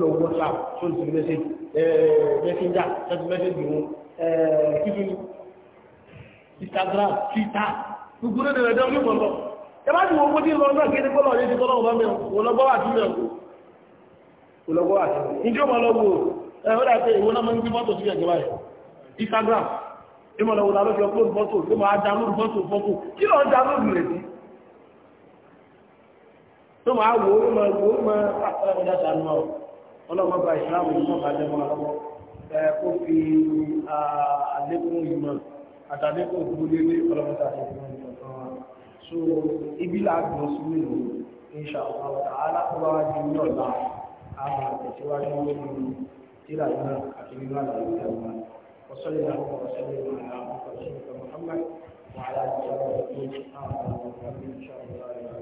yóò lọ wọ́n sáà tó ń sinmi mẹ́sẹ̀jì mẹ́sẹ̀njà tẹ́sí mẹ́sẹ̀jì wọn kíkiri Instagram Twitter gbogbo rẹ̀ rẹ̀ dán yóò lọ ẹ bá ti wọ́n kó tí ń lọ náà kéde kọ́lọ̀ ní ti kọ́lọ̀ ọ̀bọ̀n mẹ́rin wọ́n lọ́gbọ́ àti mẹ́rin kò lọ́gbọ́ àti mẹ́rin ìjọba lọ́gbọ́ ẹ̀ ó dà pé ìwọ́n náà máa ń gbé mọ́tò sí ẹ̀jẹ̀ báyìí Instagram ìmọ̀lẹ̀ wò lálọ́jọ upload photo tó máa download photo photo kí lọ download rẹ̀ sí tó máa wò ó mọ̀ wò ó mọ̀ ọ̀dá sànú ọ̀ ọlọ́mọ bá ìsìlámù ìmọ̀ bàjẹ́ mọ́ ọlọ́mọ ẹ̀ kó fi àlékún ìmọ̀ so ibi làgbọ̀ sí mélòó Allah ta'ala tó bá wá di ní ọ̀la àwọn àtẹ̀síwájú nínú tíra وصلى الله وسلم على رسولك محمد وعلى اله وصحبه ان شاء الله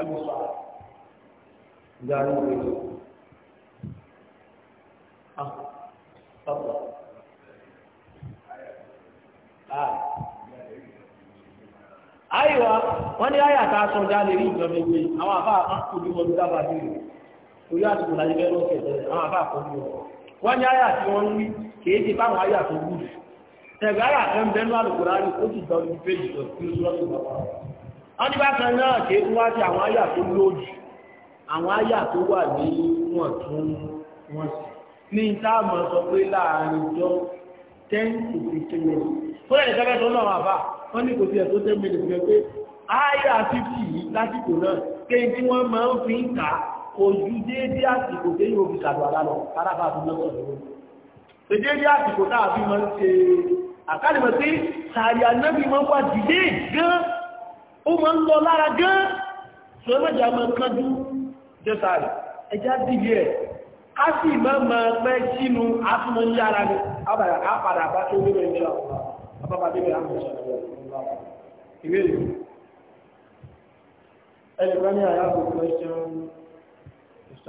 المصاعد قالوا اه تفضل اه wọ́n ní àyà tàà sọ jáde rí ìjọba ìgbé àwọn àbá àkójú wọn dábàá dìrò torí láyé àwọn àbá àkójú wọn wọ́n ní àyà tí wọ́n ń wí kìí ti báwọn àyà tó wù sí ẹ̀gbẹ́ àyà kan ń bẹ́nu àlùkòrò àrí ó sì dọ̀ ní péjì lọ sí lọ́sì bàbá wọn ní bákan náà kìí tún wá sí àwọn àyà tó lòdì àwọn àyà tó wà ní wọn tún wọn sí ní táàmù sọ pé láàárín jọ ten to fifteen minutes fún ẹ̀yìn tẹ́fẹ́ tó náà wà bá wọ́n ní kò sí ẹ̀ tó ten minutes gbẹ pé àyà fifty yìí lásìkò náà kéyìn tí wọ́n máa ń fi ń kà á kò ju déédé àsìkò tí yóò fi ṣàdùn àlá lọ arábà tó lọ́sọ̀ lọ́wọ́ ṣe déédé àsìkò táà fi máa ṣe àkálìmọ̀ sí sàárì ànábì máa ń wá dìde ó máa ń lọ lára gan ṣe mẹ́jà máa kánjú jẹ́ sàárì ẹjá dìde ẹ̀ ká sì máa máa pẹ́ sínú question ẹ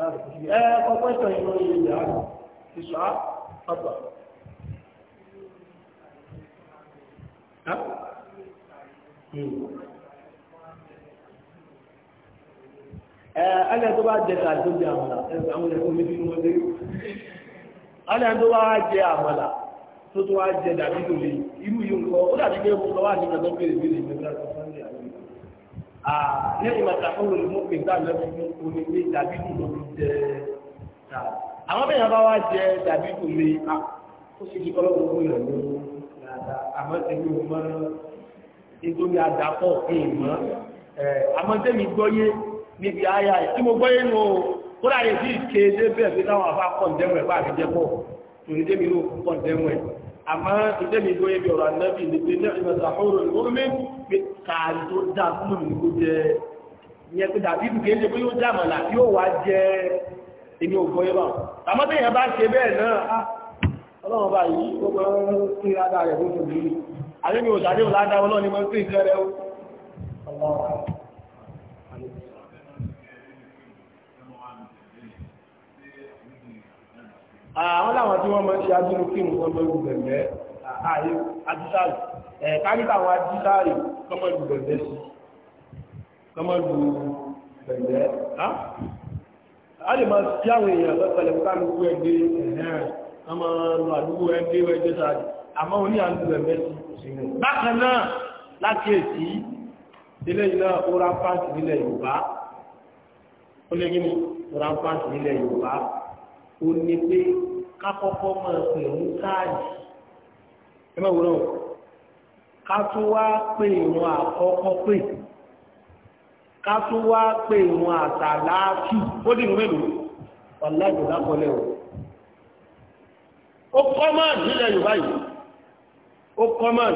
kọ́kọ́ ìtàn yìí lórí ilẹ̀ àná ìṣọ́ àpà. Ẹlẹ́ tó bá jẹ tàbí tó jẹ àmàlà, àwọn ẹ̀kọ́ méjì ní wọ́n lérí. Ẹlẹ́ tó bá jẹ àmàlà tó tó wá jẹ dàbí tó lè, irú yìí ń kọ́, ó dàbí pé mo lọ wà ní ọjọ́ pé ìbílẹ̀ ìgbẹ́gbẹ́ nígbà tí àwọn olùmọ̀pẹ̀ gbà lọ́wọ́ ní omi pé dàbídù ló fi jẹ ta àwọn bẹ́ẹ̀ yẹn bá wá jẹ dàbídù mi a ó sì di kọ́lọ́ gbogbo rẹ̀ ló àmọ́ ti ní o mọ́ nítorí àdàpọ̀ èèmọ́ ẹ̀ àmọ́ tẹ́mi gbọ́yé níbi àyà ẹ̀ tí mo gbọ́yé nù o kó láyé sí ìkéde bẹ́ẹ̀ fi táwọn afá kọ̀ǹdẹ́mù ẹ̀ bá àfijẹ́pọ̀ tòun tẹ́mi ló kọ̀ǹdẹ́mù ẹ̀ àmọ́ ìdẹ́mi ìgbó ebi ọ̀rọ̀ ànábì ní pé ní ìmọ̀ sàhóró ìgbómi pé kààrí tó dá fún mi kó jẹ ìyẹn pé dàbí ìdùkẹ́ ń ṣe pé yóò dá àmàlà yóò wá jẹ èmi ò gbọ́ yẹ́bà àmọ́ tí èèyàn bá ṣe bẹ́ẹ̀ náà ah, ọlọ́run bá yìí ó gbọ́ sí ládàá rẹ̀ fún mi ò sàdéhùn ládàá ọlọ́run ni mo ń sí ìfẹ́ rẹ̀ ó àwọn láwọn tí wọ́n mọ́ sí adínú fíìmù ọmọ ìgbẹ̀gbẹ̀ ààyè adísáàrì káríkà àwọn adísáàrì kọmọlù gbẹ̀gbẹ̀ sí kọmọlù gbẹ̀gbẹ̀ a lè máa sí àwọn èèyàn lọ́pẹ̀lẹ̀ kálukú ẹgbẹ́ ẹ̀hẹ́rìn ọmọ àdúgbò ẹgbẹ́ ẹgbẹ́ sáàrì àmọ́ oní àdúgbò gbẹ̀gbẹ̀ sí bákan náà lákèésí ilé iná oran pàǹtì nílẹ̀ Yorùbá ó lé gíní oran pàǹtì nílẹ̀ Yorùbá ó ní pé kákọ́kọ́ máa pè ń káàdì ẹ má wúlò ká tún wá pè ìrun àkọ́kọ́ pè ká tún wá pè ìrun àtàláàfì ó dì mélòó ọ̀làjò lápọ̀lẹ̀ o ó kọ́mọ̀n nílẹ̀ Yorùbá yìí ó kọ́mọ̀n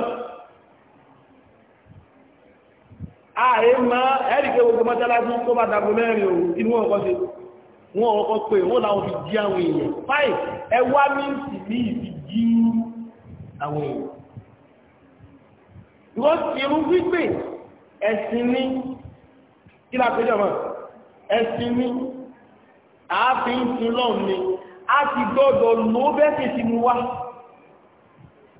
ààyè máa ẹ̀rì pé gbogbo mọ́tálásí tó bá dàgbò mẹ́rin òun inú ọ̀kọ́ sí i wọn ọkọ̀ pé wọ́n láwọn fi jí àwọn èèyàn fáì ẹwà míǹtì ní ìfi jí àwọn èèyàn wọ́n ti rú wípé ẹ̀sìn ní kí la pé ẹ̀sìn ní àáfin sin lọ́hùn ni a ti gbọ́dọ̀ lò bẹ́ẹ̀ sì ti mú wá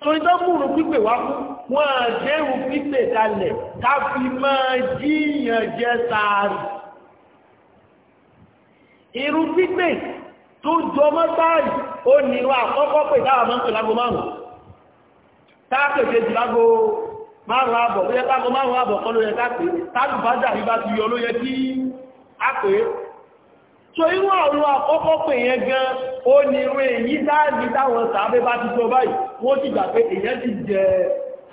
torí tó múrù pípè wá fún wọn àdéhùn pípè kalẹ̀ ká fi máa jíyàn jẹ sáàrì irú gbígbé tó jọ mọ́ báyìí ó ní irú àkọ́kọ́ pé dáwà máa ń pè lágbo márùn táàpè kejì lágbo márùn àbọ̀ ó yẹ káàgbo márùn àbọ̀ kọ́ ló yẹ káàpè táàpè bá dà bí bá ti yọ ló yẹ é so irú àwọn àkọ́kọ́ pè yẹn gan ó ní irú èyí dáàbí táwọn sàábẹ́ bá ti jọ báyìí wọ́n ti gbà pé èyàn ti jẹ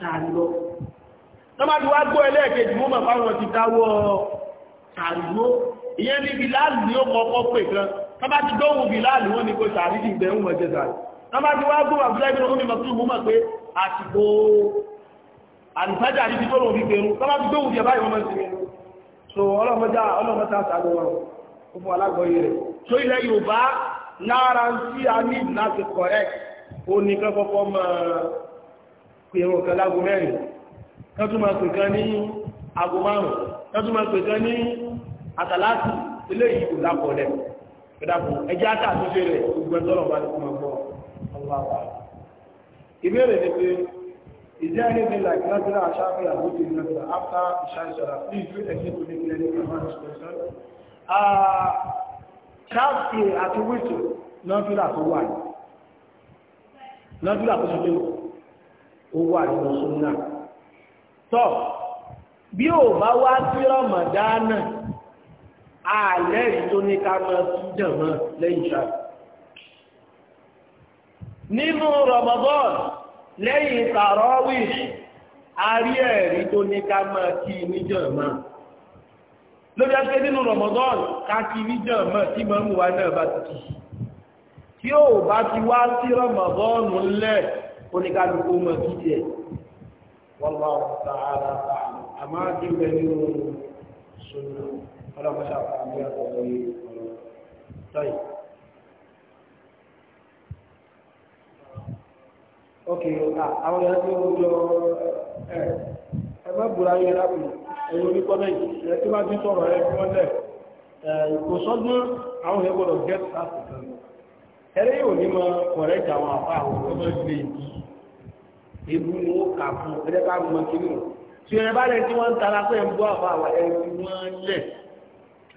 sàárì lọ tọ́mádùú lọ ìyẹn ní bíláàlù ni ó kọ́kọ́ pè kan tán bá ti dóhùn bíláàlù wọn ni kò sàrídì ìgbẹ̀ ń mọ̀jẹ̀ sàrí tán bá ti wá gún àbúlẹ́gbẹ̀ omi mọ̀tún mú mọ̀ pé àsìkò àlùfájà ní ti so ọlọ́mọjá ọlọ́mọta sàánú wọn ó fún so ilẹ̀ Yorùbá lára tí a ní láti correct ó ní kán kọ́kọ́ mọ̀ pé wọn kan àtàlásì eléyìí kò lápọ̀ rẹ̀ ìdàpọ̀ ẹjẹ́ àtà àtúnṣe rẹ̀ gbogbo ẹ̀tọ́ ọ̀rọ̀ bá ti fún ọgbọ́n ọlọ́wà. ìbéèrè ni pé is there anything like natural ashafi abuti natural after ishashara please do exit to make any command question. ṣáàfì ah, àti wíṣọ nọ́túrà tó wà ní nọ́túrà tó ṣe pé ó wà ní ọ̀ṣun náà. tọ́ bí ò bá wá sí Ramadan náà àlẹ́rìí tó ní ká mọ́ jẹ̀mọ́ lẹ́yìn ìṣá nínú Ramadan lẹ́yìn tàrọ́wì àrí ẹ̀rí tó ní ká mọ́ kí níjẹ̀mọ́ lórí ẹgbẹ́ nínú Ramadan ká kí níjẹ̀mọ́ tí mọ́ mú wa náà bá ti kì tí ó bá ti wá sí Ramadan lẹ́ oníkálukú mọ́ kí tiẹ̀ wọ́n lọ́wọ́ tààrà ọlọ́pàá ṣàpá àmì àtọ̀tọ̀ yìí ọ̀rọ̀ tọ́yì ok àwọn ẹ̀rọ tí ó jọ ẹgbẹ́ búra yẹn lápò ẹ̀yìn onípọ́ mẹ́yìn ẹ̀rọ tí wọ́n ti sọ̀rọ̀ ẹ̀ fún ọ́lẹ̀ kò sọ́dún àwọn ẹ̀rọ gbọ́dọ̀ get that ẹ̀rẹ́ yóò ní mọ kọ̀rẹ́jà àwọn àpá àwọn ọmọ ìgbé ìdí ebu ni wọ́n kà fún ẹ̀rẹ́ ká mọ kiri wọn tí ẹ̀rẹ́ bá lẹ́ tí wọ́n ń tara pé ń bú àbá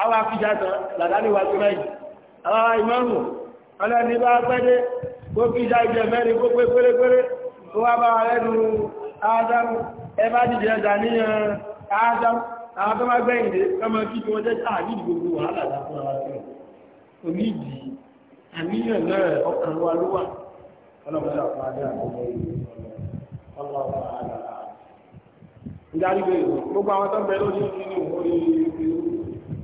àwọn afijata làdáníwà tó mẹ́yìn àwọn ìmọ́rùn ọlẹ́ni bá pẹ́dé kó kíjá ìjẹ mẹ́rin kó pé wá bá ẹnu ádámù ẹbá dìde ẹ̀dà ní ádámù àwọn tó má gbogbo wàhálà lápọ̀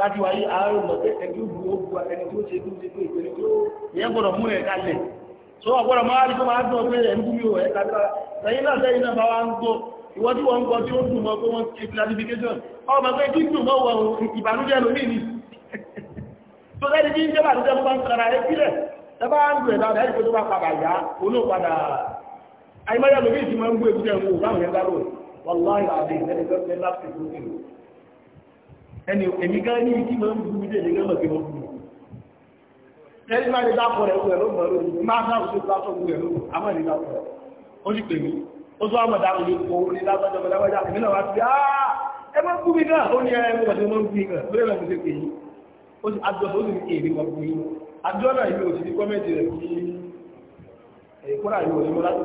láti wáyé àárò mọ̀ pé ẹni òbu tó ṣe tó ṣe ìpele tó mú kalẹ̀ tó máa rí tó máa dùn ẹ̀ ń gúmi ò ẹ̀ lẹ́yìn náà náà bá wá ń gbọ́ gbọ́ tí ó dùn mọ́ pé wọ́n clarification kí dùn mọ́ wọ ìbànújẹ́ ni tó kí ń jẹ́ bàtújẹ́ bá ń sara ẹ sílẹ̀ ẹni èmi gán ní ìdí máa ń bu ilé ìlú gán lọ́gbẹ̀ wọn kúrò ẹni máa lè dákọ̀ rẹ̀ wúrẹ̀ ló mọ̀ ló mọ̀ máa sáà tó bá tó wúrẹ̀ ló mọ̀ àmọ́ ìlú dákọ̀ rẹ̀ ó sì pè mí ó tó àmọ̀ dákọ̀ lè kó orí lágbàjọ́ lágbàjá èmi náà wá sí áá ah, ẹ máa ń bú mi náà ó ní ẹ mọ̀ sí ah, ní gọ́ọ̀mẹ̀ntì rẹ̀ kí ìkúrà ìlú òsì mọ́ láti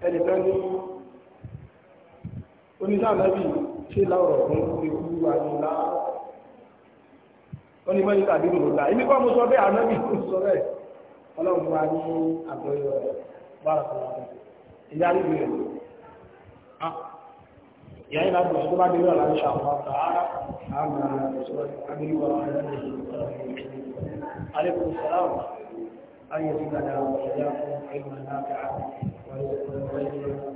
dàgbà ní onílànàbì ṣe láọ̀rọ̀ fún ikú àyílá wọ́n ni mọ́ níta bí mo là ibi kọ́ mo sọ bẹ́ẹ̀ ànábì tó sọ bẹ́ẹ̀ ọlọ́run wa ní àgbọ̀yọ̀ rẹ̀ bá a sọ wọn ìyá rí rẹ̀ ah, ìyá yìí láti ah, sọ bá délé ọ̀la ìṣà wọn ta á sọ abílí wọn ọ̀la ìṣà wọn alaikum salam ayé ti gbàdá ọ̀la ìyá fún ẹgbẹ̀rún náà ká wọn lè sọ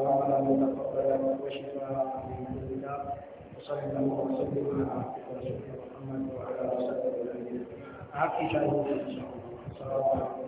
وعلم تقبل وشفاء من كل داء وصلى الله وسلم على عبده ورسوله محمد وعلى اله وصحبه اجمعين عافيه الله ان شاء الله